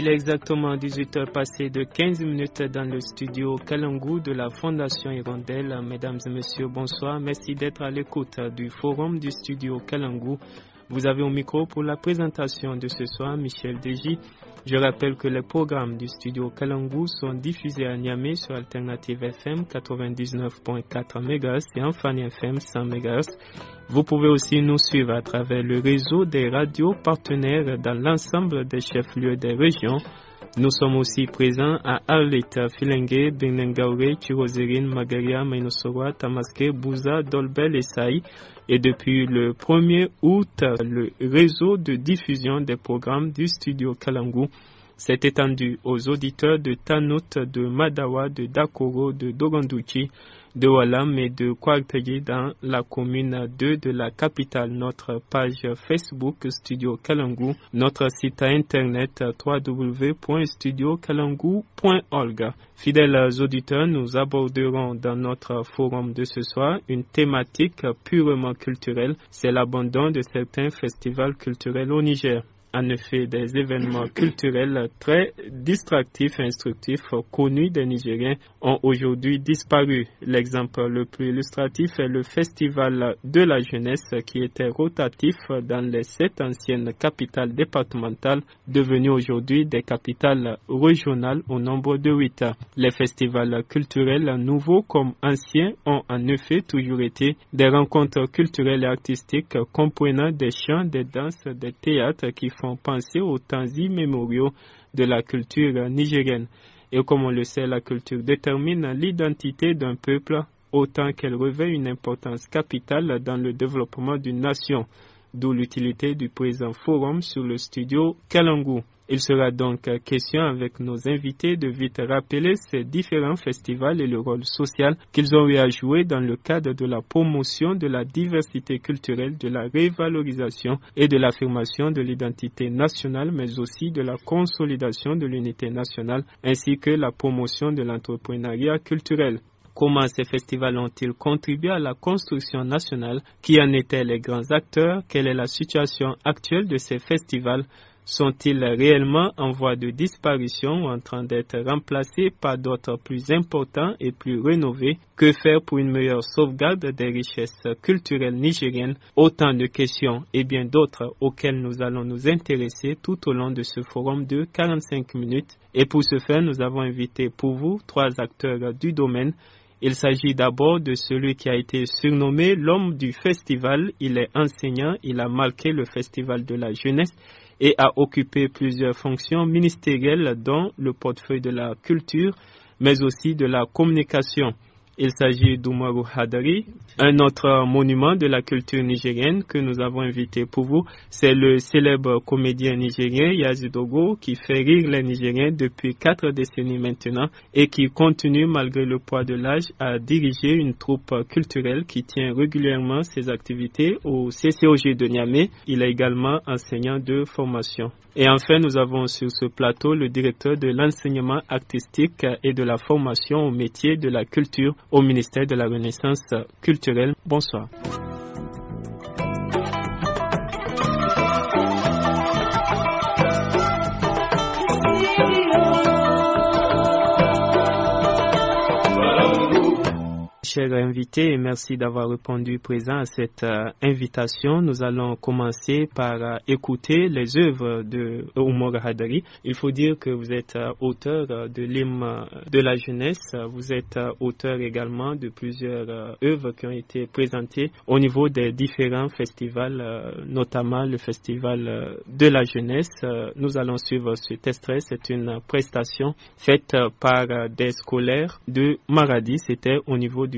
Il est exactement 18 heures passées de 15 minutes dans le studio Kalangou de la Fondation Hirondelle. Mesdames et messieurs, bonsoir. Merci d'être à l'écoute du forum du studio Kalangou. Vous avez au micro pour la présentation de ce soir Michel Deji. Je rappelle que les programmes du studio Kalangou sont diffusés à Niamey sur Alternative FM 99.4 MHz et en FM 100 MHz. Vous pouvez aussi nous suivre à travers le réseau des radios partenaires dans l'ensemble des chefs-lieux des régions. Nous sommes aussi présents à Arleta, Filengue, Benengaure, Chirozerine, Magaria, Mainosowa, Tamaske, Bouza, Dolbel et Saï et depuis le 1er août, le réseau de diffusion des programmes du studio Kalangu s'est étendu aux auditeurs de Tanout, de Madawa, de Dakoro, de Doganduki, de Wallam et de Kouagtagui dans la commune 2 de la capitale. Notre page Facebook Studio Kalangu, notre site internet www.studiokalangu.org. Fidèles auditeurs, nous aborderons dans notre forum de ce soir une thématique purement culturelle, c'est l'abandon de certains festivals culturels au Niger en effet des événements culturels très distractifs et instructifs connus des Nigériens ont aujourd'hui disparu. L'exemple le plus illustratif est le Festival de la jeunesse qui était rotatif dans les sept anciennes capitales départementales devenues aujourd'hui des capitales régionales au nombre de huit. Les festivals culturels nouveaux comme anciens ont en effet toujours été des rencontres culturelles et artistiques comprenant des chants, des danses, des théâtres qui font penser aux temps immémoriaux de la culture nigérienne. Et comme on le sait, la culture détermine l'identité d'un peuple autant qu'elle revêt une importance capitale dans le développement d'une nation d'où l'utilité du présent forum sur le studio Kalangu. Il sera donc question avec nos invités de vite rappeler ces différents festivals et le rôle social qu'ils ont eu à jouer dans le cadre de la promotion de la diversité culturelle, de la révalorisation et de l'affirmation de l'identité nationale, mais aussi de la consolidation de l'unité nationale ainsi que la promotion de l'entrepreneuriat culturel. Comment ces festivals ont-ils contribué à la construction nationale Qui en étaient les grands acteurs Quelle est la situation actuelle de ces festivals sont-ils réellement en voie de disparition ou en train d'être remplacés par d'autres plus importants et plus rénovés Que faire pour une meilleure sauvegarde des richesses culturelles nigériennes Autant de questions et bien d'autres auxquelles nous allons nous intéresser tout au long de ce forum de 45 minutes. Et pour ce faire, nous avons invité pour vous trois acteurs du domaine il s'agit d'abord de celui qui a été surnommé l'homme du festival. Il est enseignant, il a marqué le festival de la jeunesse et a occupé plusieurs fonctions ministérielles dans le portefeuille de la culture, mais aussi de la communication. Il s'agit d'Umaru Hadari. Un autre monument de la culture nigérienne que nous avons invité pour vous, c'est le célèbre comédien nigérien Yazidogo qui fait rire les Nigériens depuis quatre décennies maintenant et qui continue malgré le poids de l'âge à diriger une troupe culturelle qui tient régulièrement ses activités au CCOG de Niamey. Il est également enseignant de formation. Et enfin, nous avons sur ce plateau le directeur de l'enseignement artistique et de la formation au métier de la culture au ministère de la Renaissance culturelle. Bonsoir. Chers invités, merci d'avoir répondu présent à cette euh, invitation. Nous allons commencer par euh, écouter les œuvres de Omar Hadari. Il faut dire que vous êtes euh, auteur de l'hymne de la jeunesse. Vous êtes auteur également de plusieurs œuvres qui ont été présentées au niveau des différents festivals, notamment le festival de la jeunesse. Nous allons suivre ce test-trait. C'est une prestation faite par des scolaires de Maradi. C'était au niveau du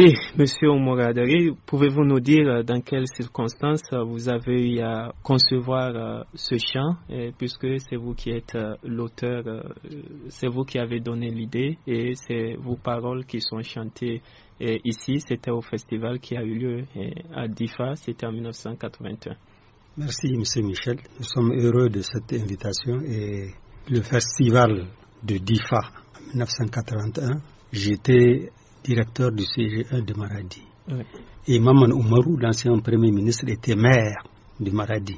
Oui, Monsieur Omoradari, pouvez-vous nous dire euh, dans quelles circonstances euh, vous avez eu à concevoir euh, ce chant, puisque c'est vous qui êtes l'auteur, c'est vous qui avez donné l'idée et c'est vos paroles qui sont chantées ici. C'était au festival qui a eu lieu à Difa, c'était en 1981. Merci, Monsieur Michel. Nous sommes heureux de cette invitation et le festival de Difa en 1981. J'étais directeur du CGE de Maradi. Et Maman Oumarou, l'ancien Premier ministre, était maire de Maradi.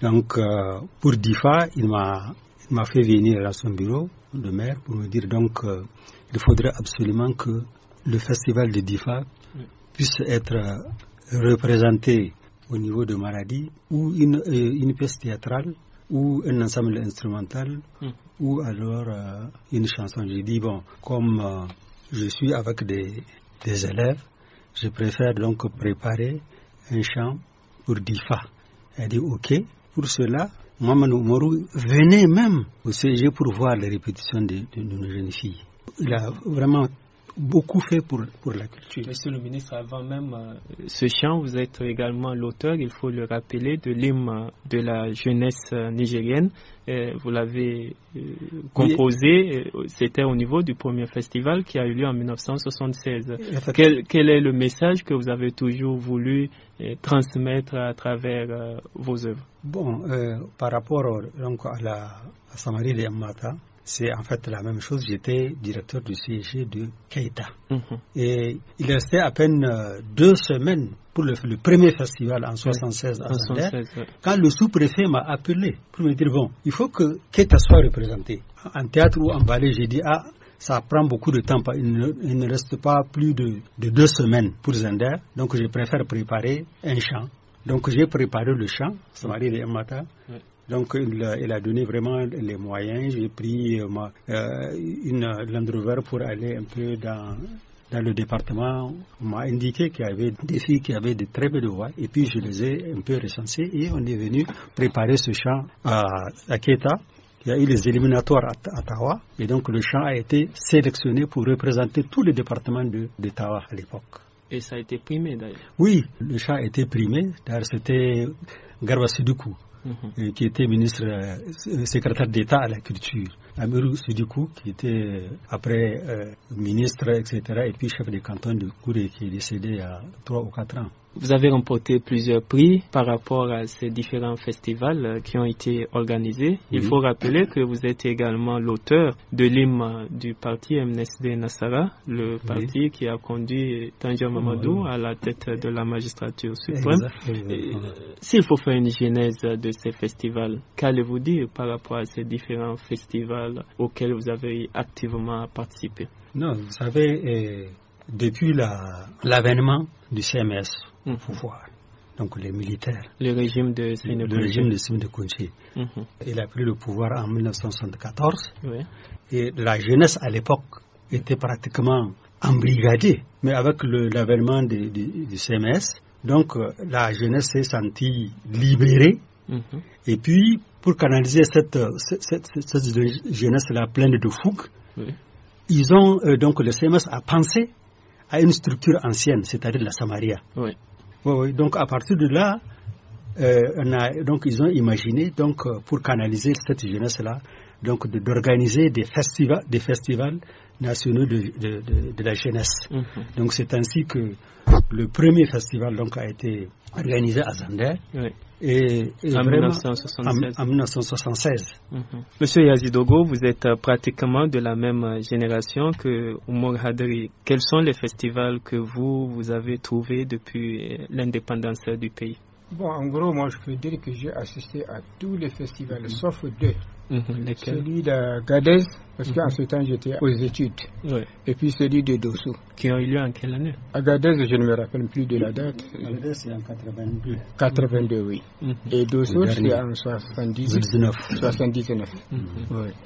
Donc, euh, pour DIFA, il m'a fait venir à son bureau de maire pour me dire donc euh, il faudrait absolument que le festival de DIFA puisse être euh, représenté au niveau de Maradi ou une, pièce théâtrale ou un ensemble instrumental hum. ou alors une chanson. J'ai dit, bon, comme je suis avec des, élèves, je préfère donc préparer un chant pour DIFA. Elle dit OK. Pour cela, Mamanou Mourou venait même au CG pour voir les répétitions d'une jeune fille. Il a vraiment beaucoup fait pour, pour la culture. Monsieur le ministre, avant même euh, ce chant, vous êtes également l'auteur, il faut le rappeler, de l'hymne de la jeunesse euh, nigérienne. Euh, vous l'avez composé, c'était au niveau du premier festival qui a eu lieu en 1976. Quel, quel, est le message que vous avez toujours voulu transmettre à travers vos œuvres Bon, par rapport à la Samarie de Amata, c'est en fait la même chose. J'étais directeur du CIG de Keita. Mhm. Et il restait à peine euh, deux semaines pour le, premier festival en 76 à Zender. quand le sous-préfet m'a appelé pour me dire, bon, il faut que Keita soit représenté. En théâtre ou en ballet, j'ai dit, ah, ça prend beaucoup de temps. Il ne, reste pas plus de, deux semaines pour Zender. Donc, je préfère préparer un chant. Donc, j'ai préparé le chant, Samari de Mata, matin. Donc, il, a donné vraiment les moyens. J'ai pris euh, ma, euh, une Land Rover pour aller un peu dans dans le département, on m'a indiqué qu'il y avait des filles qui avaient de très belles voix. Et puis, je les ai un peu recensées et on est venu préparer ce chant à, à Keta. Il y a eu les éliminatoires à, Tawa et donc le chant a été sélectionné pour représenter tous les départements de, de Tawa à l'époque. Et ça a été primé d'ailleurs Oui, le chant a été primé. D'ailleurs, c'était Garba Mm-hmm. qui était ministre, euh, secrétaire d'État à la culture. Amirou Sudikou, qui était euh, après euh, ministre, etc., et puis chef de canton de Kouré, qui est décédé il y a trois ou quatre ans. Vous avez remporté plusieurs prix par rapport à ces différents festivals euh, qui ont été organisés. Il faut rappeler que vous êtes également l'auteur de l'hymne du parti MNSD Nassara, le parti qui a conduit Tanja Mamadou à la tête de la magistrature suprême. Euh, s'il faut faire une genèse de ces festivals, qu'allez-vous dire par rapport à ces différents festivals auxquels vous avez activement participé Non, vous savez, euh, depuis l'avènement du CMS, le mhm. pouvoir. donc les militaires. Le régime de Sine Le régime de Kunche. Mhm. Il a pris le pouvoir en 1974. Et la jeunesse à l'époque était pratiquement embrigadée. Mais avec l'avènement du CMS, donc euh, la jeunesse s'est sentie libérée. Mhm. Et puis, pour canaliser cette, euh, cette, cette, jeunesse-là pleine de fougue, ils ont, euh, donc le CMS a pensé à une structure ancienne, c'est-à-dire la Samaria. Oui donc à partir de là, euh, ils ont imaginé donc euh, pour canaliser cette jeunesse-là, donc d'organiser des festivals, des festivals nationaux de, la jeunesse. Mm-hmm. Donc c'est ainsi que le premier festival donc, a été organisé à Zander. Et, en, 1976. Mhm. Monsieur Yazidogo, vous êtes euh, pratiquement de la même euh, génération que Oumar Hadri. Quels sont les festivals que vous, vous avez trouvés depuis euh, l'indépendance du pays Bon, en gros, moi, je peux dire que j'ai assisté à tous les festivals, sauf deux. Mhm. celui de parce qu'en mhm. ce temps j'étais aux études, et puis celui de Dosso. Qui ont eu lieu en quelle année À je ne me rappelle plus de la date. c'est en 82. 82, oui. Mhm. Et Dosso, c'est en 79. 79.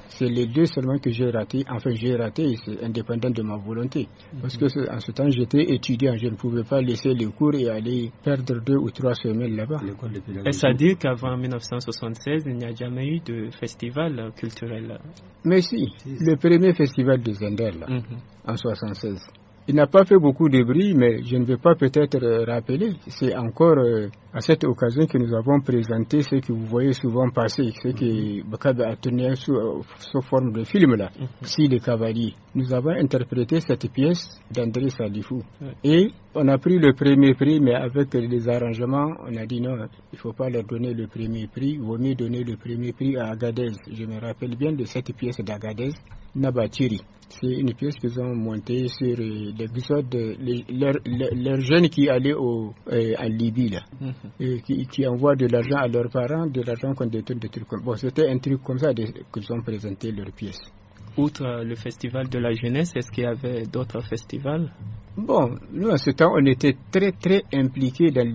C'est les deux seulement que j'ai raté. Enfin, j'ai raté, c'est indépendant de ma volonté. Parce que à ce temps j'étais étudiant, je ne pouvais pas laisser les cours et aller perdre deux ou trois semaines là-bas. cest à dire qu'avant 1976, il n'y a jamais eu de festival culturel. Mais si, le premier festival de Zender, mhm. en 76, il n'a pas fait beaucoup de bruit, mais je ne vais pas peut-être euh, rappeler. C'est encore euh, à cette occasion que nous avons présenté ce que vous voyez souvent passer, ce que mhm. Bakab a tenu euh, sous, forme de film là, mhm. Si les cavaliers. Nous avons interprété cette pièce d'André Salifou. Et on a pris le premier prix, mais avec les arrangements, on a dit non, il ne faut pas leur donner le premier prix, il vaut mieux donner le premier prix à Agadez. Je me rappelle bien de cette pièce d'Agadez. Nabatiri. C'est une pièce qu'ils ont montée sur l'épisode, euh, euh, leurs leur, jeunes qui allait au, euh, en Libye, mhm. et qui, qui, envoient de l'argent à leurs parents, de l'argent qu'on détourne, des trucs c'était un truc comme ça qu'ils ont présenté leur pièce. Outre euh, le festival de la jeunesse, est-ce qu'il y avait d'autres festivals Bon, nous, en ce temps, on était très, très impliqués dans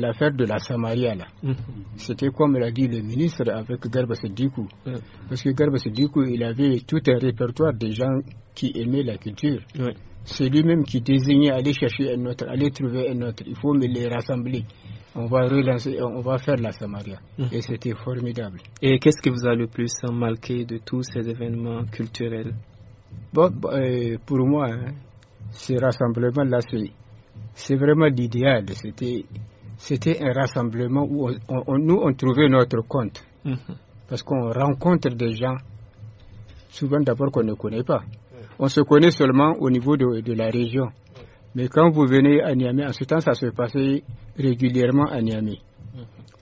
l'affaire de la Samaria. Mm. C'était comme l'a dit le ministre avec Garba Sedikou. Mm. Parce que Garba Sedikou, il avait tout un répertoire de gens qui aimait la culture. Oui. C'est lui-même qui désignait aller chercher un autre, aller trouver un autre. Il faut me les rassembler. On va relancer, on va faire la Samaria. Mmh. Et c'était formidable. Et qu'est-ce qui vous a le plus marqué de tous ces événements culturels bon, euh, Pour moi, hein, ce rassemblement-là, c'est vraiment l'idéal. C'était c'était un rassemblement où nous, on trouvait notre compte. Mmh. Parce qu'on rencontre des gens, souvent d'abord qu'on ne connaît pas on se connaît seulement au niveau de, la région. Mais quand vous venez à Niamey, en ce temps, ça se passait régulièrement à Niamey.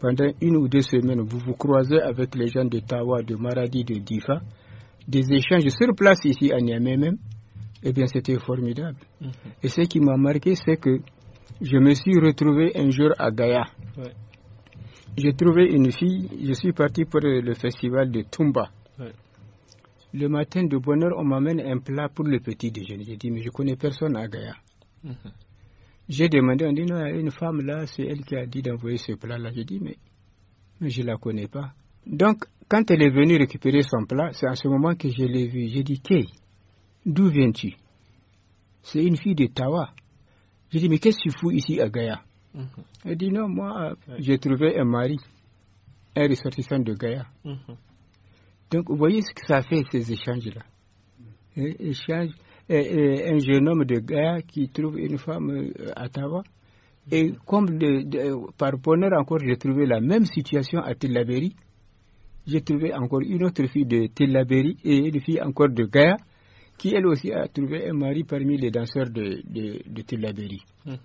Pendant une ou deux semaines, vous vous croisez avec les gens de Tawa, de Maradi, de Difa, des échanges sur place ici à Niamey même. Eh bien, c'était formidable. Mhm. Et ce qui m'a marqué, c'est que je me suis retrouvé un jour à Gaïa. J'ai trouvé une fille, je suis parti pour le festival de Tumba le matin de bonne heure, on m'amène un plat pour le petit déjeuner. J'ai dit, mais je connais personne à Gaïa. Mhm. J'ai demandé, on dit, non, une femme là, c'est elle qui a dit d'envoyer ce plat-là. J'ai dit, mais, je ne la connais pas. Donc, quand elle est venue récupérer son plat, c'est à ce moment que je l'ai vue. J'ai dit, Kay, d'où viens-tu C'est une fille de Tawa. J'ai dit, mais qu'est-ce que tu fous ici à Gaïa mhm. Elle dit, non, moi, euh, j'ai trouvé un mari, un ressortissant de Gaïa. Mhm. Donc, vous voyez ce que ça fait, ces échanges-là. Mm. Hein, euh, euh, un jeune homme de Gaïa qui trouve une femme euh, à Tawa. Mm. Et comme par bonheur encore, j'ai trouvé la même situation à Telaberi, J'ai trouvé encore une autre fille de Telaberi et une fille encore de Gaïa qui elle aussi a trouvé un mari parmi les danseurs de, de, mm-hmm.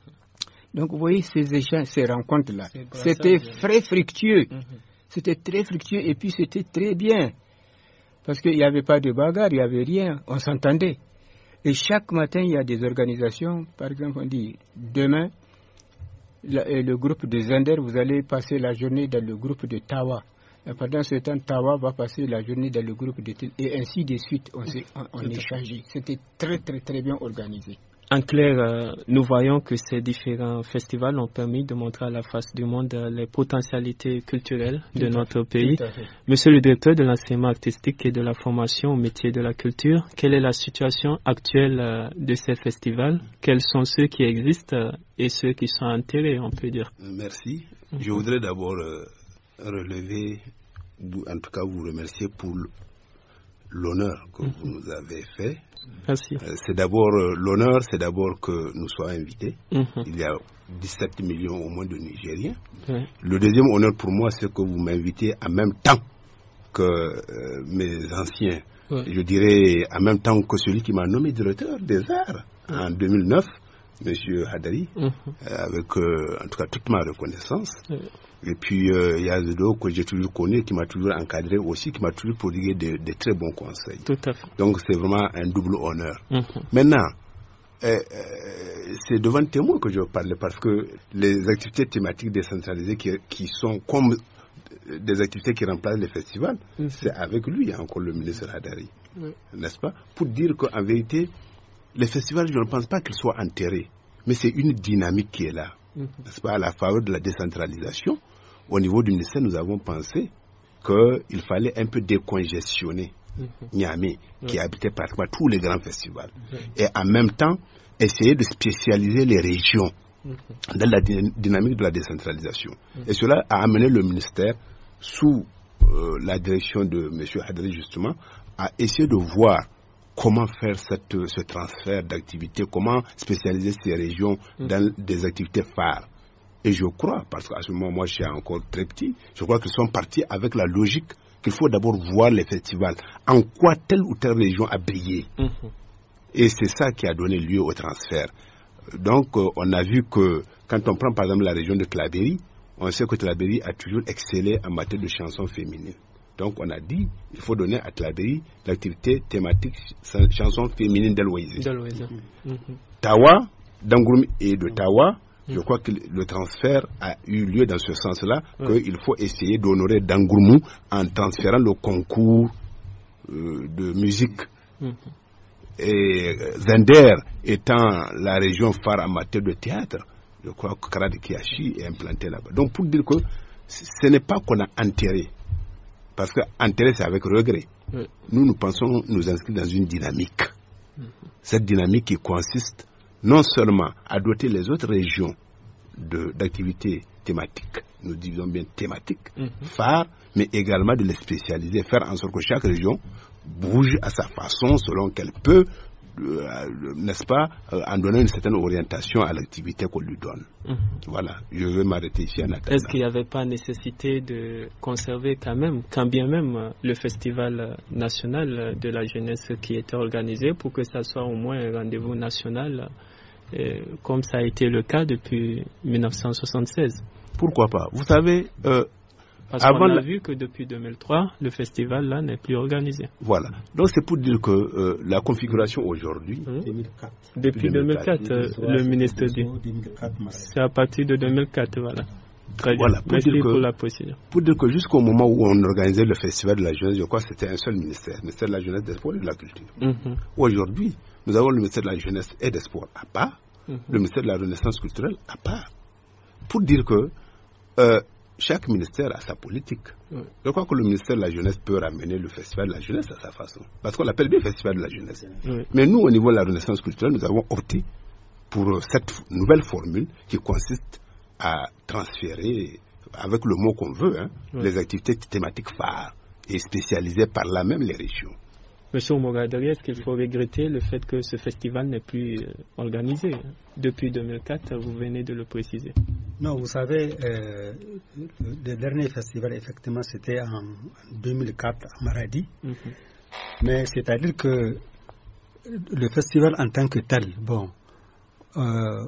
Donc vous voyez ces échanges, ces rencontres-là. C'était très fructueux. Mm-hmm. C'était très fructueux et puis c'était très bien. Parce qu'il n'y avait pas de bagarre, il n'y avait rien, on s'entendait. Et chaque matin, il y a des organisations. Par exemple, on dit demain, euh, le groupe de Zender, vous allez passer la journée dans le groupe de Tawa. pendant ce temps, Tawa va passer la journée dans le groupe de Et ainsi de suite, on, on échangeait. C'était très, très, très bien organisé. En clair, euh, nous voyons que ces différents festivals ont permis de montrer à la face du monde euh, les potentialités culturelles de notre pays. Monsieur le directeur de l'enseignement artistique et de la formation au métier de la culture, quelle est la situation actuelle euh, de ces festivals Quels sont ceux qui existent et ceux qui sont enterrés, on peut dire Merci. Mhm. Je voudrais d'abord relever, en tout cas vous remercier pour l'honneur que mhm. vous nous avez fait Merci. Euh, c'est d'abord euh, l'honneur, c'est d'abord que nous soyons invités. Mhm. Il y a 17 millions au moins de Nigériens. Le deuxième honneur pour moi, c'est que vous m'invitez en même temps que euh, mes anciens. Je dirais en même temps que celui qui m'a nommé directeur des arts en 2009 Monsieur Hadari, mhm. euh, avec euh, en tout cas toute ma reconnaissance. Et puis euh, il y a que j'ai toujours connu, qui m'a toujours encadré aussi, qui m'a toujours prodigué des très bons conseils. Donc c'est vraiment un double honneur. Mhm. Maintenant, c'est devant témoin que je parle parce que les activités thématiques décentralisées qui, sont comme des activités qui remplacent les festivals, mhm. c'est avec lui encore le ministre Hadari, n'est-ce pas Pour dire qu'en vérité, les festivals, je ne pense pas qu'ils soient enterrés, mais c'est une dynamique qui est là. cest mhm. pas à la faveur de la décentralisation, au niveau du ministère, nous avons pensé qu'il fallait un peu décongestionner mhm. Niamey, qui habitait pratiquement tous les grands festivals, mhm. et en même temps essayer de spécialiser les régions dans la dynamique de la décentralisation. Et cela a amené le ministère, sous euh, la direction de M. Hadri justement, à essayer de voir comment faire ce transfert d'activités, comment spécialiser ces régions mm. dans des activités phares. Et je crois, parce qu'à ce moment, moi, je suis encore très petit, je crois qu'ils sont partis avec la logique qu'il faut d'abord voir les festivals, en quoi telle ou telle région a brillé. Mm-hmm. Et c'est ça qui a donné lieu au transfert. Donc, euh, on a vu que quand on prend par exemple la région de Clabéry, on sait que Clabéry a toujours excellé en matière de chansons féminines. Donc on a dit il faut donner à Tladri l'activité thématique chanson féminine d'Aloïse. Mm-hmm. Mm-hmm. Tawa, d'Angoum et de mm. Tawa, je mm. crois que le transfert a eu lieu dans ce sens-là, qu'il faut essayer d'honorer Dangourmou en transférant le concours euh, de musique. Mm-hmm. Et euh, Zender étant la région phare amateur de théâtre, je crois que Karad Kiyashi est implanté là-bas. Donc pour dire que ce n'est pas qu'on a enterré, parce qu'enterrer, c'est avec regret. Nous, nous pensons nous inscrire dans une dynamique. Mhm. Cette dynamique qui consiste non seulement à doter les autres régions d'activités thématiques, nous disons bien thématiques, mhm. phares, mais également de les spécialiser, faire en sorte que chaque région bouge à sa façon, selon qu'elle peut, euh, euh, n'est-ce pas, euh, en donnant une certaine orientation à l'activité qu'on lui donne. Mhm. Voilà, je vais m'arrêter ici en attendant. Est-ce qu'il n'y avait pas nécessité de conserver quand même, quand bien même, le festival national de la jeunesse qui était organisé pour que ça soit au moins un rendez-vous national, comme ça a été le cas depuis 1976 Pourquoi pas Vous savez, parce qu'on a vu que depuis 2003, le festival là n'est plus organisé. Voilà. Donc c'est pour dire que euh, la configuration aujourd'hui. Hein? Depuis 2004, euh, le ministre dit. C'est à partir de 2004, voilà. Très voilà, bien. Pour dire que, pour la Pour dire que jusqu'au moment où on organisait le festival de la jeunesse, je crois que c'était un seul ministère, le ministère de la jeunesse, des sports et de la culture. Mhm. Aujourd'hui, nous avons le ministère de la jeunesse et des sports à part, mhm. le ministère de la renaissance culturelle à part. Pour dire que euh, chaque ministère a sa politique. Je crois que le ministère de la Jeunesse peut ramener le Festival de la Jeunesse à sa façon. Parce qu'on l'appelle bien Festival de la Jeunesse. Mais nous, au niveau de la Renaissance culturelle, nous avons opté pour euh, cette nouvelle formule qui consiste à transférer, avec le mot qu'on veut, hein, les activités thématiques phares et spécialisées par là même les régions. Monsieur Mogadori, est-ce qu'il faut regretter le fait que ce festival n'est plus euh, organisé hein? Depuis 2004, vous venez de le préciser. Non, vous savez, euh, le dernier festival, effectivement, c'était en 2004 à Maradi. Mhm. Mais c'est-à-dire que le festival en tant que tel, bon, euh,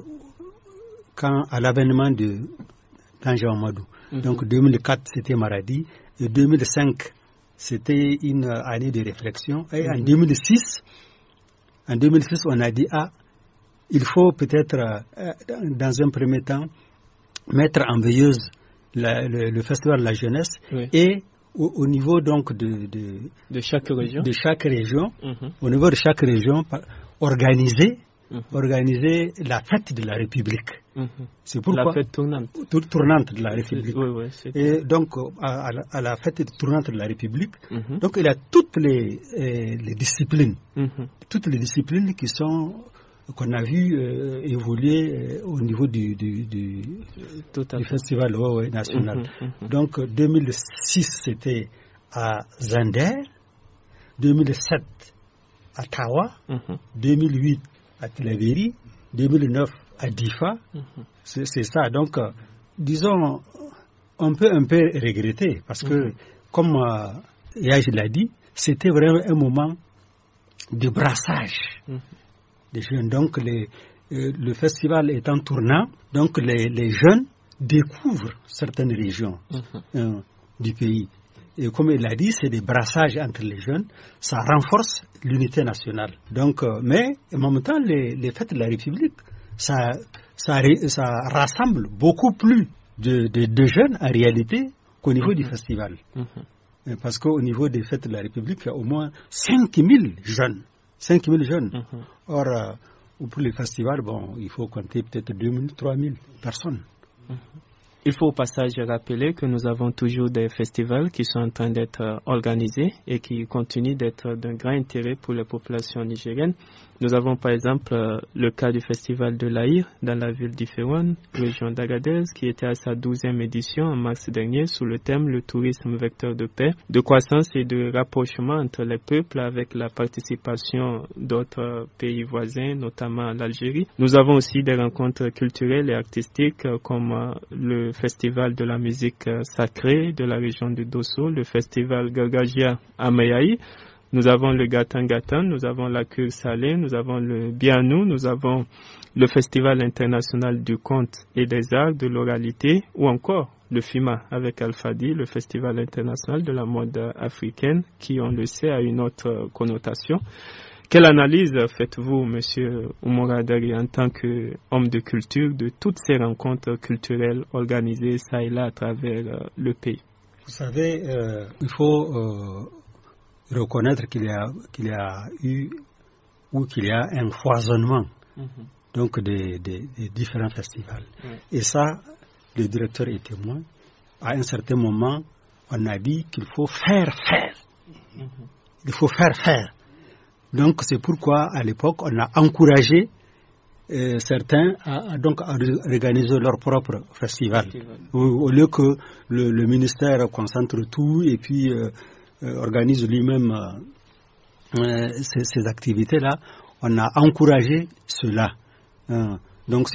quand à l'avènement de Tanja Amadou, mhm. donc 2004 c'était Maradi, et 2005 c'était une année de réflexion, et en 2006, mhm. en 2006 on a dit, ah, il faut peut-être euh, dans un premier temps mettre en veilleuse le, festival de la jeunesse et au, niveau donc de, de, chaque région, de chaque région mhm. au niveau de chaque région, organiser, mhm. organiser la fête de la République. Mhm. C'est pourquoi la fête tournante, de la République. Oui, oui, et donc à, la, fête tournante de la République, donc il y a toutes les, euh, les disciplines, toutes les disciplines qui sont qu'on a vu euh, évoluer euh, au niveau du, festival oh, national. Mm-hmm, mm-hmm. Donc 2006, euh, c'était à Zander, 2007 à Tawa, 2008 mm-hmm. à Tilaveri, 2009 à Difa. C'est ça. Donc, disons, on peut un peu regretter parce que, comme Yaj l'a dit, c'était vraiment un moment de brassage. Donc euh, le festival est en tournant, donc les, jeunes découvrent certaines régions mhm. euh, du pays. Et comme il l'a dit, c'est des brassages entre les jeunes, ça renforce l'unité nationale. Euh, mais en même temps, les, fêtes de la République, ça, rassemble beaucoup plus de, jeunes en réalité qu'au niveau du mhm. festival. Mhm. Parce qu'au niveau des fêtes de la République, il y a au moins 5000 jeunes 5 000 jeunes. Mhm. Or, euh, pour les festivals, bon, il faut compter peut-être 2 000, 3 000 personnes. Mhm. Il faut au passage rappeler que nous avons toujours des festivals qui sont en train d'être euh, organisés et qui continuent d'être d'un grand intérêt pour la population nigérienne. Nous avons par exemple euh, le cas du festival de l'Aïr dans la ville d'Iféouane, région d'Agadez, qui était à sa douzième édition en mars dernier sous le thème Le tourisme vecteur de paix, de croissance et de rapprochement entre les peuples avec la participation d'autres pays voisins, notamment l'Algérie. Nous avons aussi des rencontres culturelles et artistiques euh, comme euh, le festival de la musique sacrée de la région du Dosso, le festival Gargagia à nous avons le Gatan nous avons la Cure Salée, nous avons le Bianou, nous avons le Festival international du conte et des arts, de l'oralité, ou encore le FIMA avec Alfadi, le Festival international de la mode africaine, qui, on le sait, a une autre connotation. Quelle analyse faites-vous, Monsieur Oumoradari, en tant qu'homme de culture, de toutes ces rencontres culturelles organisées ça et là à travers euh, le pays Vous savez, euh, il faut euh, reconnaître qu'il y, a eu ou qu'il y a un foisonnement mhm. donc des, différents festivals. Et ça, le directeur est témoin. À un certain moment, on a dit qu'il faut faire faire. Mhm. Il faut faire faire. Donc c'est pourquoi à l'époque, on a encouragé euh, certains à, donc organiser leur propre festival, Au, lieu que le, ministère concentre tout et puis euh, euh, organise lui-même euh, euh, ces, activités-là, on a encouragé cela. Donc,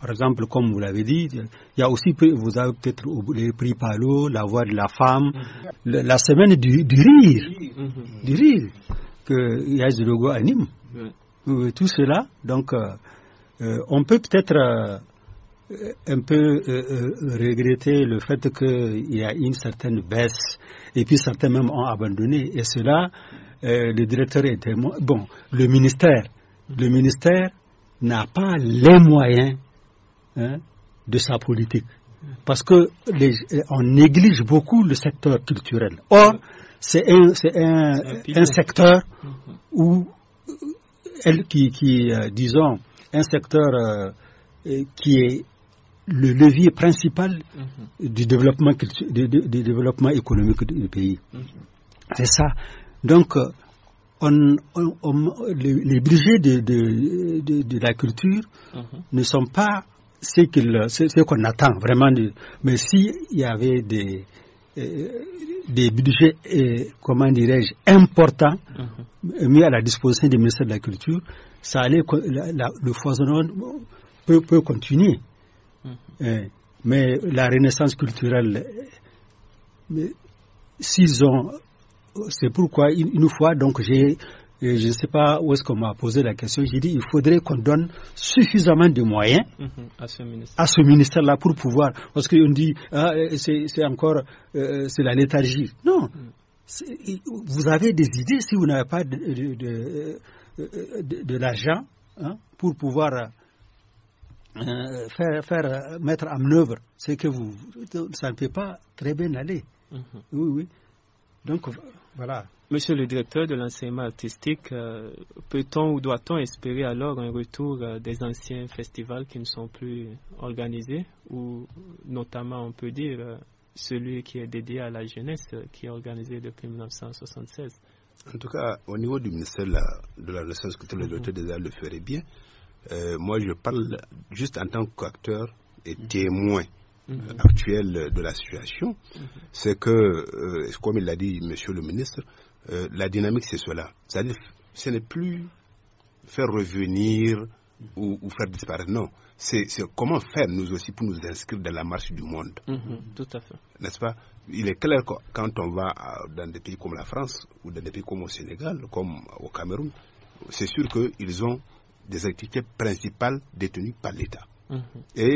par exemple, comme vous l'avez dit, il y a aussi, vous avez peut-être les prix Palo, la voix de la femme, la, semaine du, rire, mm-hmm. du rire que Yaz Logo anime. Tout cela, donc, on peut peut-être euh, un peu euh, euh, regretter le fait qu'il y a une certaine baisse et puis certains même ont abandonné. Et cela, le directeur était... Bon, le ministère, le ministère n'a pas les moyens hein, de sa politique. Parce que les, on néglige beaucoup le secteur culturel. Or, c'est un, un, secteur mm-hmm. où, elle, qui, disons, un secteur qui est le levier principal mhm. du, développement, du, développement, économique du pays. Mhm. C'est ça. Donc, euh, on, les, budgets de, la culture mhm. ne sont pas ce qu'on attend vraiment. mais s'il y avait des, euh, budgets, euh, comment dirais-je, importants mis à la disposition du ministère de la Culture, ça allait, le foisonnement peut continuer. Eh, mais la renaissance culturelle, eh, C'est pourquoi, une fois, donc, j'ai. Eh, je ne sais pas où est-ce qu'on m'a posé la question, j'ai dit il faudrait qu'on donne suffisamment de moyens mm-hmm. à ce ministère-là pour pouvoir. Parce qu'on dit que ah, c'est encore c'est la léthargie. Non, mm. vous avez des idées si vous n'avez pas de, de, l'argent hein, pour pouvoir euh, faire, faire, euh, mettre en œuvre ce que vous. Ça ne peut pas très bien aller. Mhm. Oui, oui. Donc, voilà. Monsieur le directeur de l'enseignement artistique, euh, peut-on ou doit-on espérer alors un retour des anciens festivals qui ne sont plus organisés ou notamment on peut dire celui qui est dédié à la jeunesse qui est organisé depuis 1976 En tout cas, au niveau du ministère de la, Recherche, que le directeur des arts le ferait bien, euh, moi, je parle juste en tant qu'acteur et mm-hmm. témoin mm-hmm. actuel euh, de la situation. Mm-hmm. C'est que, euh, comme il l'a dit, monsieur le ministre, la dynamique, c'est cela. C'est-à-dire, ce n'est plus faire revenir ou, faire disparaître. Non, c'est comment faire nous aussi pour nous inscrire dans la marche du monde. tout à fait. N'est-ce pas Il est clair que quand on va dans des pays comme la France ou dans des pays comme au Sénégal, comme au Cameroun, c'est sûr qu'ils ont des activités principales détenues par l'État. Mhm.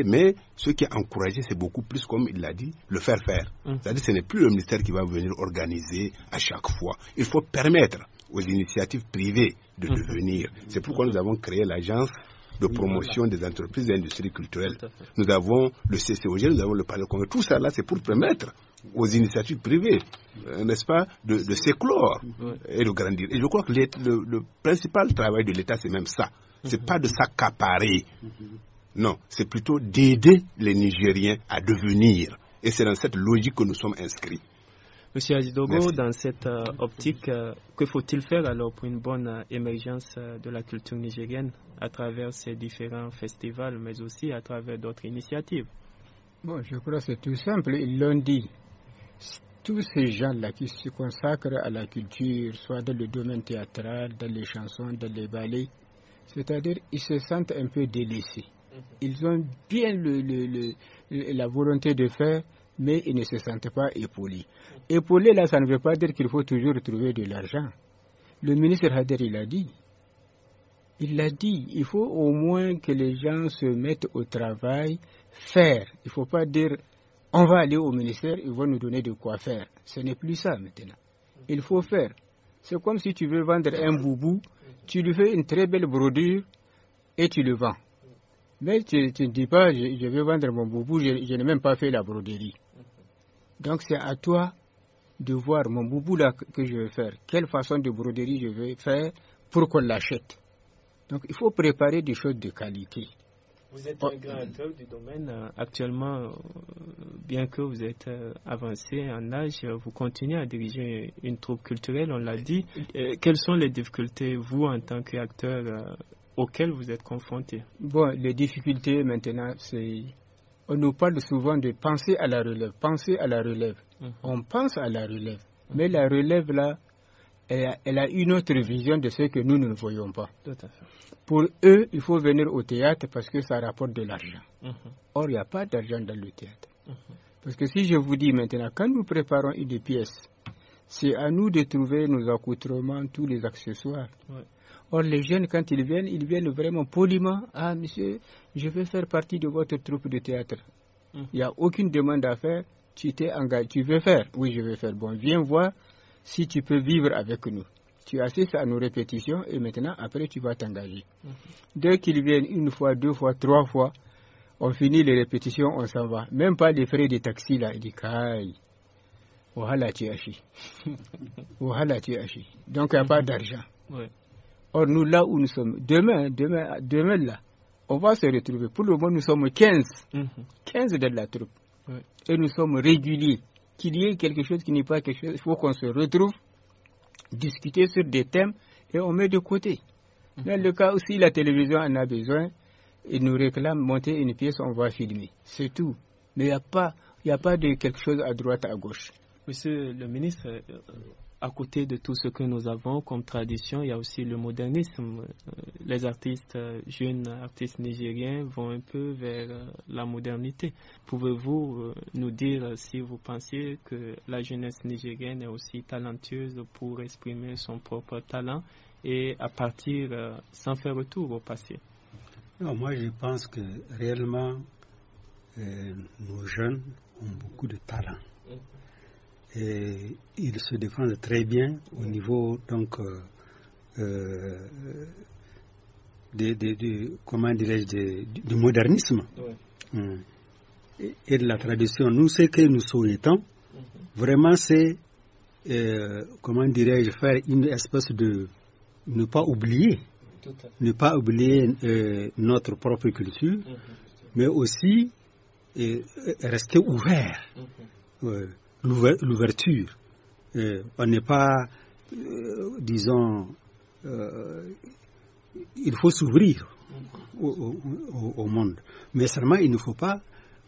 mais ce qui est encouragé, c'est beaucoup plus, comme il l'a dit, le faire faire. Mhm. C'est-à-dire ce n'est plus le ministère qui va venir organiser à chaque fois. Il faut permettre aux initiatives privées de mhm. devenir. C'est pourquoi nous avons créé l'agence de promotion des entreprises industries culturelle. Nous avons le CCOG, nous avons le Palais Tout ça, là, c'est pour permettre aux initiatives privées, euh, n'est-ce pas, de, s'éclore et de grandir. Et je crois que le principal travail de l'État, c'est même ça n'est mhm. pas de s'accaparer. Mhm. Non, c'est plutôt d'aider les Nigériens à devenir. Et c'est dans cette logique que nous sommes inscrits. Monsieur Azidogo, dans cette euh, optique, euh, que faut-il faire alors pour une bonne euh, émergence de la culture nigérienne à travers ces différents festivals, mais aussi à travers d'autres initiatives je crois que c'est tout simple. Ils l'ont dit. Tous ces gens-là qui se consacrent à la culture, soit dans le domaine théâtral, dans les chansons, dans les ballets, c'est-à-dire ils se sentent un peu délaissés. Mhm. Ils ont bien la volonté de faire, mais ils ne se sentent pas épaulés. Mhm. Épaulés, là, ça ne veut pas dire qu'il faut toujours trouver de l'argent. Le ministre Hader, il a dit. Il l'a dit, il faut au moins que les gens se mettent au travail, faire. Il ne faut pas dire, on va aller au ministère, ils vont nous donner de quoi faire. Ce n'est plus ça maintenant. Mhm. Il faut faire. C'est comme si tu veux vendre un boubou, tu lui fais une très belle brodure et tu le vends. Mais tu, ne dis pas, je, vais vendre mon boubou, je, je n'ai même pas fait la broderie. Donc c'est à toi de voir mon boubou là que je vais faire, quelle façon de broderie je vais faire pour qu'on l'achète. Donc il faut préparer des choses de qualité. Vous êtes un grand oh. acteur du domaine. Euh, actuellement, euh, bien que vous êtes euh, avancé en âge, vous continuez à diriger une troupe culturelle, on l'a dit. Quelles sont les difficultés, vous, en tant qu'acteur, auxquelles vous êtes confronté Bon, les difficultés maintenant, c'est. On nous parle souvent de penser à la relève, penser à la relève. Mhm. On pense à la relève. Mhm. Mais la relève, là, elle a, une autre vision de ce que nous, ne voyons pas. Pour eux, il faut venir au théâtre parce que ça rapporte de l'argent. Mm-hmm. Or, il n'y a pas d'argent dans le théâtre. Mm-hmm. Parce que si je vous dis maintenant, quand nous préparons une pièce, c'est à nous de trouver nos accoutrements, tous les accessoires. Or, les jeunes, quand ils viennent, ils viennent vraiment poliment. Ah, monsieur, je veux faire partie de votre troupe de théâtre. Mm-hmm. Il n'y a aucune demande à faire. Tu t'es engagé. Tu veux faire Oui, je veux faire. Bon, viens voir si tu peux vivre avec nous. Tu assistes à nos répétitions et maintenant, après, tu vas t'engager. Dès qu'ils viennent une fois, deux fois, trois fois, on finit les répétitions, on s'en va. Même pas les frais de taxi, là. Il dit, Kai, là, tu Wahala, tu Donc, il n'y a pas d'argent. Or, nous, là où nous sommes, demain, demain, demain, là, on va se retrouver. Pour le moment, nous sommes 15. 15 de la troupe. Et nous sommes réguliers qu'il y ait quelque chose qui n'est pas quelque chose. Il faut qu'on se retrouve, discuter sur des thèmes et on met de côté. Mhm. Dans le cas aussi, la télévision en a besoin, et nous réclame monter une pièce, on va filmer. C'est tout. Mais il n'y a, pas, a pas de quelque chose à droite, à gauche. Monsieur le ministre, euh, euh, à côté de tout ce que nous avons comme tradition, il y a aussi le modernisme. Euh, les artistes, euh, jeunes artistes nigériens vont un peu vers euh, la modernité. Pouvez-vous nous dire si vous pensez que la jeunesse nigérienne est aussi talentueuse pour exprimer son propre talent et à partir sans faire retour au passé moi je pense que réellement, nos jeunes ont beaucoup de talent. Mm et ils se défendent très bien au niveau donc euh, euh, comment dirais-je du modernisme hein. et, de la tradition. Nous, ce que nous souhaitons, mm-hmm. vraiment, c'est euh, comment dirais-je faire une espèce de ne pas oublier, ne pas oublier notre propre culture, mm-hmm. mais aussi rester ouvert. Mm-hmm l'ouverture. Euh, on n'est pas, euh, disons, euh, il faut s'ouvrir au, monde. Mais seulement, il ne faut pas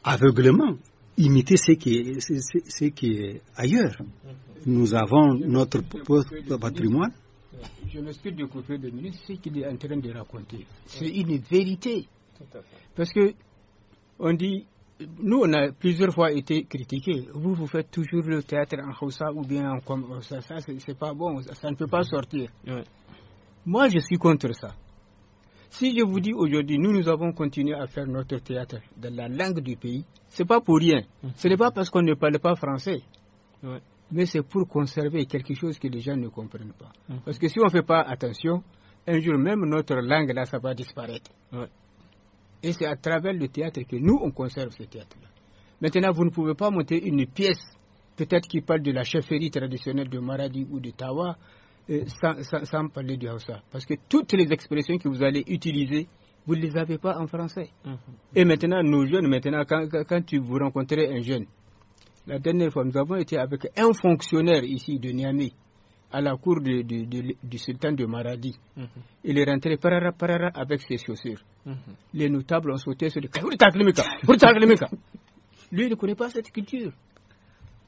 aveuglément imiter ce qui est, ce, qui est ailleurs. Nous avons notre patrimoine. Je m'excuse de couper de ministre ce qu'il est en train de raconter. C'est une vérité. Parce que on dit nous, on a plusieurs fois été critiqués. Vous, vous faites toujours le théâtre en Hausa ou bien en comme euh, ça, c'est pas bon, ça, ne peut pas sortir. Moi, je suis contre ça. Si je vous dis aujourd'hui, nous, nous avons continué à faire notre théâtre dans la langue du pays, c'est pas pour rien. Ce n'est pas parce qu'on ne parle pas français. Mais c'est pour conserver quelque chose que les gens ne comprennent pas. Mm-hmm. Parce que si on ne fait pas attention, un jour même notre langue là, ça va disparaître. Et c'est à travers le théâtre que nous, on conserve ce théâtre-là. Maintenant, vous ne pouvez pas monter une pièce, peut-être qui parle de la chefferie traditionnelle de Maradi ou de Tawa, euh, sans, parler du Hausa. Parce que toutes les expressions que vous allez utiliser, vous ne les avez pas en français. Mhm. Et maintenant, nos jeunes, maintenant, quand, tu vous rencontrez un jeune, la dernière fois, nous avons été avec un fonctionnaire ici de Niamey à la cour du sultan de Maradi. Mhm. Il est rentré parara parara avec ses chaussures. Mhm. Les notables ont sauté sur le Lui, ne connaît pas cette culture.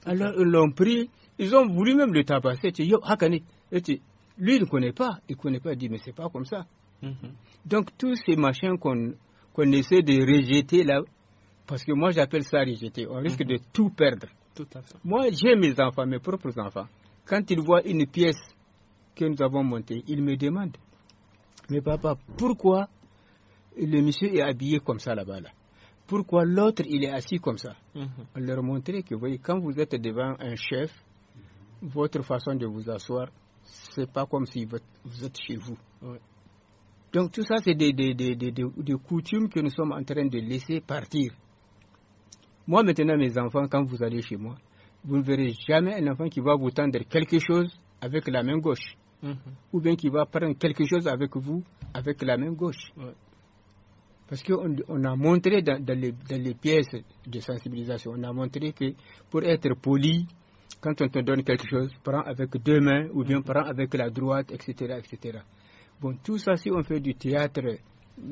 Alors, ils l'ont pris, ils ont voulu même le tabasser. Lui, ne connaît pas. Il ne connaît pas. Il dit, mais c'est pas comme ça. Mhm. Donc, tous ces machins qu'on connaissait essaie de rejeter là, parce que moi, j'appelle ça rejeter. On risque de tout perdre. Tout Moi, j'ai mes enfants, mes propres enfants. Quand il voit une pièce que nous avons montée, il me demande, mais papa, pourquoi le monsieur est habillé comme ça là-bas Pourquoi l'autre il est assis comme ça mhm. On leur montrait que, vous voyez, quand vous êtes devant un chef, votre façon de vous asseoir, c'est pas comme si vous êtes chez vous. Donc tout ça, c'est des, des, des, des, coutumes que nous sommes en train de laisser partir. Moi maintenant, mes enfants, quand vous allez chez moi, vous ne verrez jamais un enfant qui va vous tendre quelque chose avec la main gauche, mm-hmm. ou bien qui va prendre quelque chose avec vous avec la main gauche. Parce qu'on a montré dans, les, pièces de sensibilisation, on a montré que pour être poli, quand on te donne quelque chose, prends avec deux mains ou bien mm-hmm. prends avec la droite, etc., etc. Bon, tout ça, si on fait du théâtre,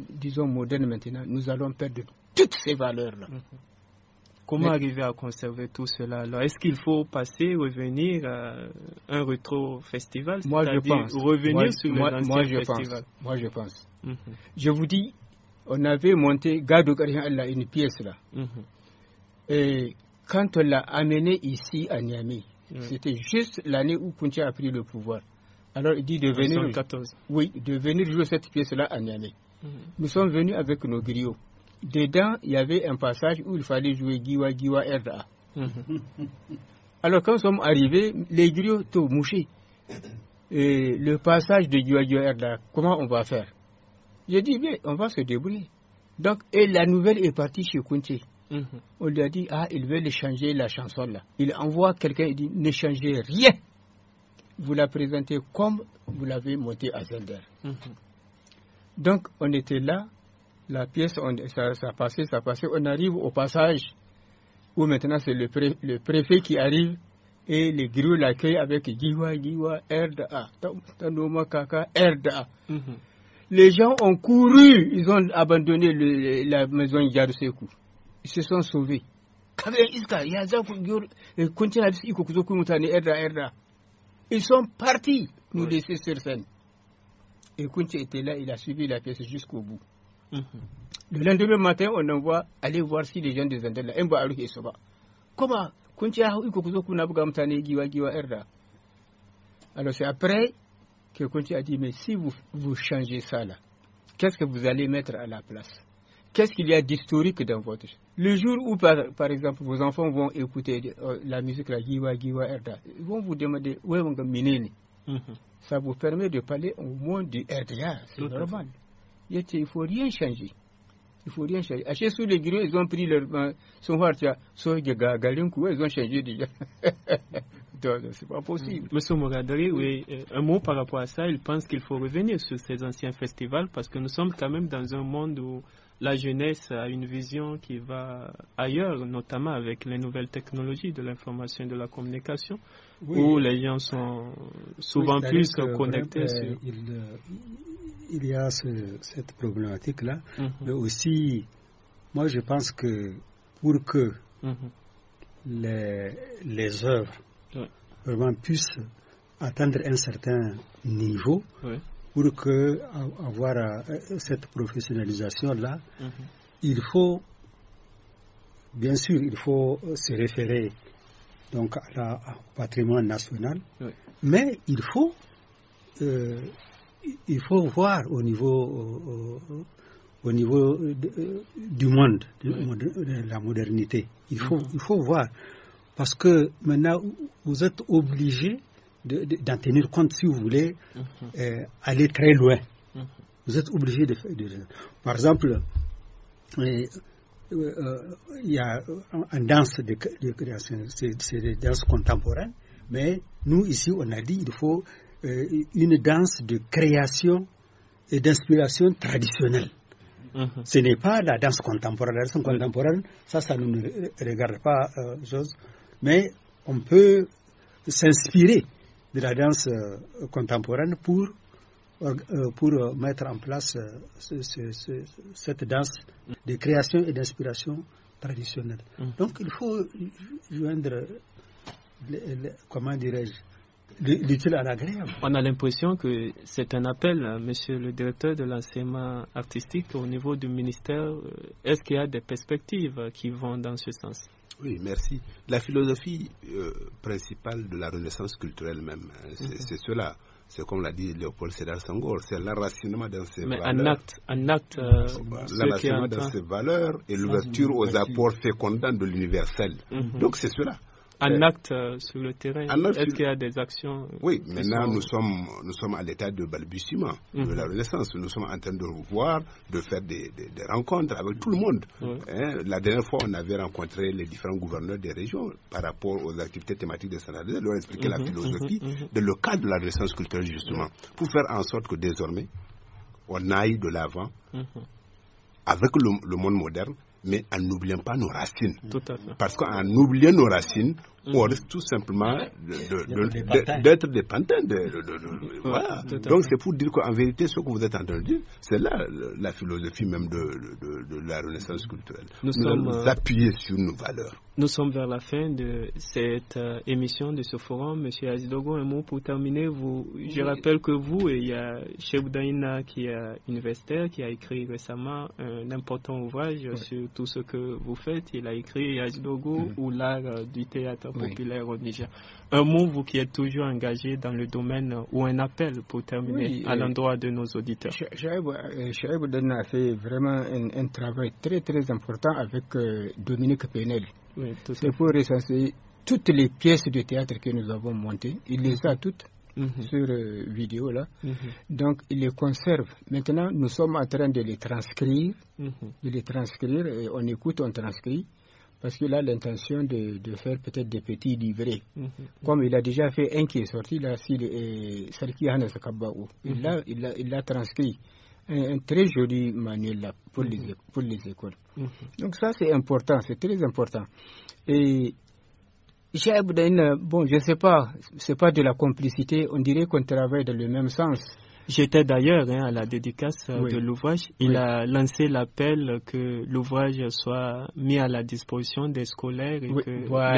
disons moderne maintenant, nous allons perdre toutes ces valeurs-là. Mm-hmm. Comment arriver à conserver tout cela Alors, est-ce qu'il faut passer, revenir à euh, un rétro-festival Moi, je pense. Revenir sur le les moi, je Pense. Moi, je pense. Je vous dis, on avait monté Gado Allah, une pièce là. Mhm. Et quand on l'a amené ici à Niamey, mhm. c'était juste l'année où Puntia a pris le pouvoir. Alors il dit de venir, oui, de venir jouer cette pièce-là à Niamey. Mhm. Nous sommes venus avec nos griots. Dedans, il y avait un passage où il fallait jouer Giwa Giwa Erda. Mhm. Alors quand nous sommes arrivés, les griots tout mouchés. le passage de Giwa Giwa Erda, comment on va faire J'ai dit, on va se débrouiller. Donc, et la nouvelle est partie chez Kunti. Mhm. On lui a dit, ah, il veut changer la chanson là. Il envoie quelqu'un, il dit, ne changez rien. Vous la présentez comme vous l'avez montée à Zelda. Mhm. Donc, on était là, la pièce, on, ça, ça passait, ça passait. On arrive au passage où maintenant c'est le, préfet qui arrive et les griots l'accueillent avec Giwa, Giwa, Erda. »« Kaka, mhm. Les gens ont couru, ils ont abandonné la maison Yarusekou. Ils se sont sauvés. Ils sont partis nous laisser sur scène. Et Kunti était là, il a suivi la pièce jusqu'au bout. Mm-hmm. Le lendemain matin, on envoie aller voir si les gens des Andes là, er Alors c'est après que Kunti a dit mais si vous, vous changez ça là, qu'est-ce que vous allez mettre à la place Qu'est-ce qu'il y a d'historique dans votre Le jour où, par, exemple, vos enfants vont écouter euh, la musique, la Erda, ils vont vous demander où est mon mm-hmm. Ça vous permet de parler au moins du RDA, c'est normal. Il ne faut rien changer. Il ne faut rien changer. Acheter sous les grilles, ils ont pris leur. Euh, son ils ont changé déjà. c'est pas possible. Mm. Monsieur Moradari, oui, euh, un mot par rapport à ça. Il pense qu'il faut revenir sur ces anciens festivals parce que nous sommes quand même dans un monde où la jeunesse a une vision qui va ailleurs, notamment avec les nouvelles technologies de l'information et de la communication, où les gens sont souvent plus connectés. Euh, euh, il, y a cette problématique-là, mhm. mais aussi, moi je pense que pour que mhm. les, œuvres vraiment puissent atteindre un certain niveau, pour que, euh, avoir euh, cette professionnalisation-là, mhm. il faut, bien sûr, il faut euh, se référer donc à la, au patrimoine national, mais il faut, il faut voir au niveau, au niveau du monde, de, la modernité. Il faut, mhm. il faut voir. Parce que maintenant, vous êtes obligé d'en tenir compte si vous voulez mm-hmm. euh, aller très loin. Mm-hmm. Vous êtes obligé de, Par exemple, euh, euh, il y a une danse, c'est des danse contemporaine mais nous ici on a dit il faut une danse de création et d'inspiration traditionnelle. Mm-hmm. Ce n'est pas la danse contemporaine. La danse contemporaine, ça, ça ne regarde pas chose. Mais on peut s'inspirer de la danse euh, contemporaine pour, euh, euh, mettre en place cette danse de création et d'inspiration traditionnelle. Mm. Donc il faut joindre, comment dirais-je, on a l'impression que c'est un appel, hein, monsieur le directeur de l'enseignement artistique, au niveau du ministère. Euh, est-ce qu'il y a des perspectives qui vont dans ce sens oui, merci. La philosophie euh, principale de la renaissance culturelle même, hein, mhm. c'est cela c'est comme l'a dit Léopold Sédar Senghor, c'est l'enracinement dans ses Mais valeurs. un acte euh, l'enracinement dans ses valeurs et l'ouverture aux apports fécondants de l'universel. Mhm. Donc c'est cela en acte euh, sur le terrain Est-ce qu'il y a des actions euh, Oui, maintenant nous, sommes, nous sommes à l'état de balbutiement, de mhm. la renaissance. Nous sommes en train de revoir, de faire des, des, rencontres avec tout le monde. Hein, la dernière fois, on avait rencontré les différents gouverneurs des régions par rapport aux activités thématiques des standardisés, leur Ils mm la mhm, mhm, philosophie de le cadre de la renaissance culturelle, justement, pour faire en sorte que désormais, on aille de l'avant avec le, monde moderne mais en n'oubliant pas nos racines. Parce qu'en oubliant nos racines, ou on risque mhm. tout simplement d'être dépendant Donc c'est pour dire qu'en vérité, ce que vous êtes entendu, c'est là la philosophie même de, la Renaissance culturelle. Nous, nous sommes euh, appuyés sur nos valeurs. Nous sommes vers la fin de cette euh, émission, de ce forum. Monsieur Azidogo, un mot pour terminer. Vous, je rappelle que vous, il y a Chebdaïna qui est universitaire, qui a écrit récemment un important ouvrage sur tout ce que vous faites. Il a écrit Azidogo mm-hmm. ou l'art euh, du théâtre populaire au Niger. Un mot, vous qui êtes toujours engagé dans le domaine, euh, ou un appel pour terminer à euh, l'endroit de nos auditeurs. Chaïb euh, Boudin a fait vraiment un, travail très très important avec Dominique Penel. C'est pour recenser toutes les pièces de théâtre que nous avons montées. Il les a toutes. Mhm. sur vidéo là. Mhm. Donc il les conserve. Maintenant, nous sommes en train de les transcrire, il mhm. de les transcrire. Et on écoute, on transcrit parce qu'il a l'intention de, de, faire peut-être des petits livrets. Mhm. Comme il a déjà fait un qui est sorti, là, il l'a transcrit. Un, très joli manuel là pour, les, mhm. pour les écoles. Mhm. Donc ça, c'est important, c'est très important. Et bon, je ne sais pas, n'est pas de la complicité, on dirait qu'on travaille dans le même sens. J'étais d'ailleurs hein, à la dédicace euh, de l'ouvrage. Il a lancé l'appel que l'ouvrage soit mis à la disposition des scolaires et que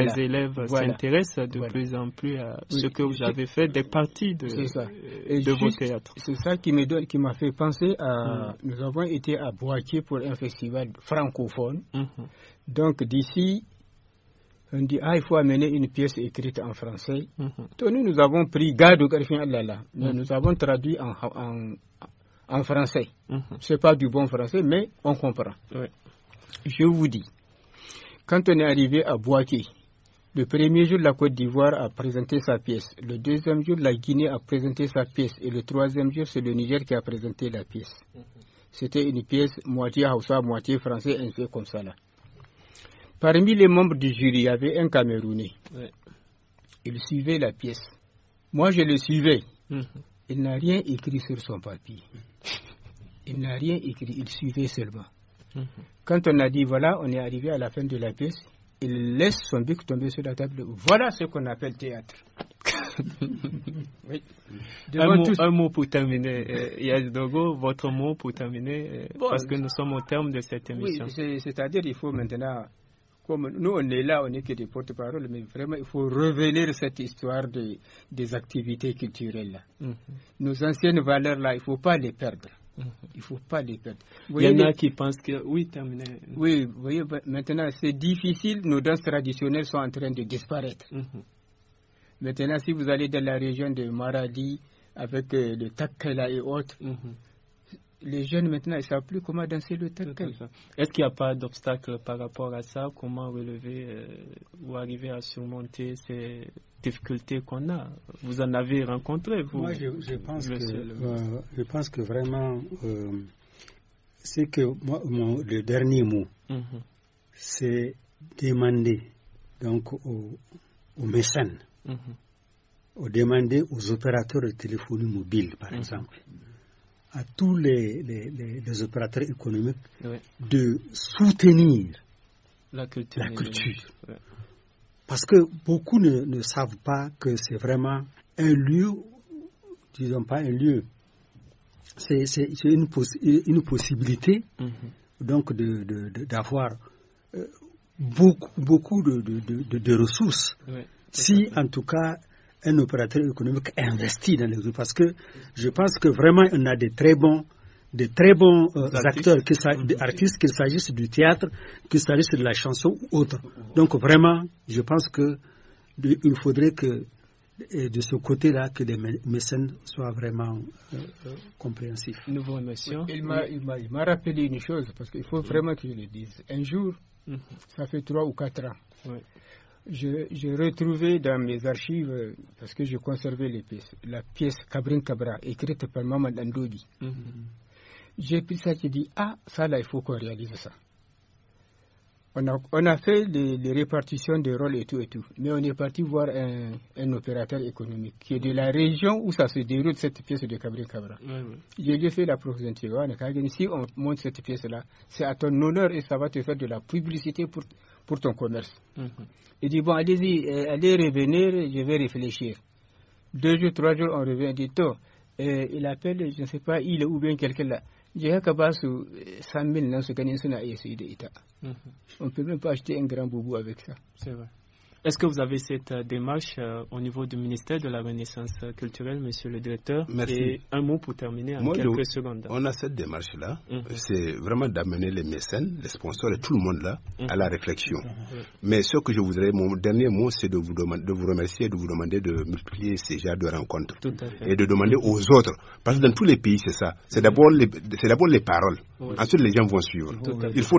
les élèves s'intéressent de plus en plus à ce que vous avez fait, des parties de, euh, de vos théâtres. C'est ça qui m'a fait penser à. Mm. Nous avons été à Boitier pour un festival francophone. Mm-hmm. Donc d'ici on dit ah il faut amener une pièce écrite en français. Donc mhm. nous nous avons pris garde Garifin Allah mhm. nous avons traduit en, en, français. Mhm. Ce n'est pas du bon français mais on comprend. Je vous dis, quand on est arrivé à Boaké, le premier jour la Côte d'Ivoire a présenté sa pièce, le deuxième jour la Guinée a présenté sa pièce et le troisième jour c'est le Niger qui a présenté la pièce. C'était une pièce moitié Hausa, moitié français, ainsi comme ça là. Parmi les membres du jury, il y avait un Camerounais. Il suivait la pièce. Moi, je le suivais. Mhm. Il n'a rien écrit sur son papier. Il n'a rien écrit, il suivait seulement. Mhm. Quand on a dit, voilà, on est arrivé à la fin de la pièce, il laisse son bic tomber sur la table. Voilà ce qu'on appelle théâtre. un, mot, pour terminer, euh, Dogo, votre mot pour terminer, euh, parce que nous sommes au terme de cette émission. Oui, c'est-à-dire qu'il faut maintenant comme nous, on est là, on n'est que des porte-parole, mais vraiment, il faut revenir cette histoire des activités culturelles. Là. Mhm. Nos anciennes valeurs-là, il ne faut pas les perdre. Mhm. Il ne faut pas les perdre. il y en a qui pensent que, oui, terminé. Oui, vous voyez, bah, maintenant, c'est difficile, nos danses traditionnelles sont en train de disparaître. Mhm. Maintenant, si vous allez dans la région de Maradi, avec euh, le Takkela et autres, les jeunes maintenant ne savent plus comment danser le tel. Est-ce qu'il n'y a pas d'obstacle par rapport à ça Comment relever euh, ou arriver à surmonter ces difficultés qu'on a Vous en avez rencontré, vous Moi, je, pense, que, euh, je pense que vraiment, euh, c'est que le dernier mot, mhm. c'est demander donc aux, mécènes, aux mhm. demander aux opérateurs de téléphonie mobile, par mhm. exemple à tous les, les, opérateurs économiques de soutenir la culture. Parce que beaucoup ne, ne savent pas que c'est vraiment un lieu, disons pas un lieu, c'est une, une, possibilité mhm. donc d'avoir de, de, euh, beaucoup, beaucoup de, ressources. si en tout cas un opérateur économique investi dans les parce que je pense que vraiment on a des très bons de très bons euh, acteurs, des artistes, qu'il s'agisse du théâtre, qu'il s'agisse de la chanson ou autre. Donc vraiment, je pense que il faudrait que euh, de ce côté-là que les mécènes soient vraiment euh, compréhensifs. Nouveau il m'a il m'a rappelé une chose parce qu'il faut vraiment que je le dise. Un jour, mhm. ça fait trois ou quatre ans j'ai retrouvé dans mes archives, euh, parce que j'ai conservé les pièces, la pièce Cabrin Cabra, écrite par Maman Dandodi. Mhm. J'ai pris ça, j'ai dit, ah, ça là, il faut qu'on réalise ça. On a, fait les, répartitions des rôles et tout et tout, mais on est parti voir un, opérateur économique qui est de la région où ça se déroule, cette pièce de Cabrin Cabra. Mm J'ai fait la proposition, si on monte cette pièce-là, c'est à ton honneur et ça va te faire de la publicité pour pour ton commerce. Mhm. Il dit, bon, allez-y, euh, allez revenir, je vais réfléchir. Deux jours, trois jours, on revient, il dit, toi, euh, il appelle, je ne sais pas, il ou bien quelqu'un là. Je qu'à pas 100 000, non, ce qu'on a essayé de mhm. On ne peut même pas acheter un grand boubou avec ça. C'est vrai. Est-ce que vous avez cette euh, démarche euh, au niveau du ministère de la Renaissance euh, culturelle, monsieur le directeur Merci. un mot pour terminer en quelques secondes. On a cette démarche-là. Mhm. C'est vraiment d'amener les mécènes, les sponsors et tout le monde là mhm. à la réflexion. Mhm. Mais ce que je voudrais, mon dernier mot, c'est de vous, demander, de vous remercier, de vous demander de multiplier ces genres de rencontres. Et de demander aux autres. Parce que dans tous les pays, c'est ça. C'est d'abord les, les paroles. Ensuite, les gens vont suivre. Il faut,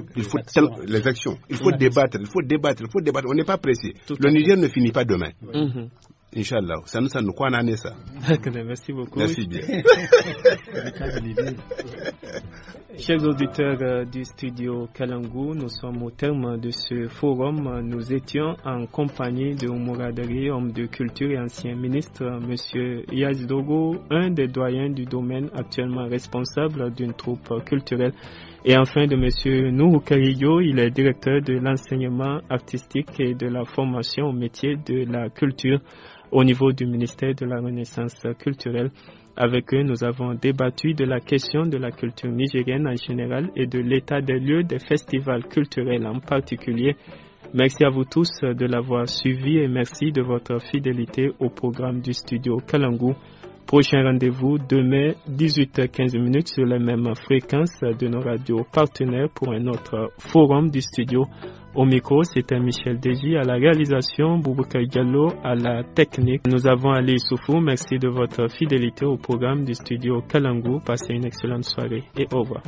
les actions. Il faut débattre, il faut débattre, il faut débattre. On n'est pas pressé. Le Niger ne finit pas demain. Mm-hmm. Inch'Allah. Ça nous, a quoi Merci beaucoup. Merci bien. Chers auditeurs euh, du studio Kalangou, nous sommes au terme de ce forum. Nous étions en compagnie de Mouradari, homme de culture et ancien ministre, M. Yazidogo, un des doyens du domaine actuellement responsable d'une troupe culturelle. Et enfin de M. Nuhu il est directeur de l'enseignement artistique et de la formation au métier de la culture au niveau du ministère de la Renaissance culturelle. Avec eux, nous avons débattu de la question de la culture nigérienne en général et de l'état des lieux des festivals culturels en particulier. Merci à vous tous de l'avoir suivi et merci de votre fidélité au programme du studio Kalangu. Prochain rendez-vous demain 18h15 sur la même fréquence de nos radios partenaires pour un autre forum du studio. Au micro, c'était Michel Deji à la réalisation, Boubouka Gallo à la technique. Nous avons Ali Soufou. Merci de votre fidélité au programme du studio Kalangu. Passez une excellente soirée et au revoir.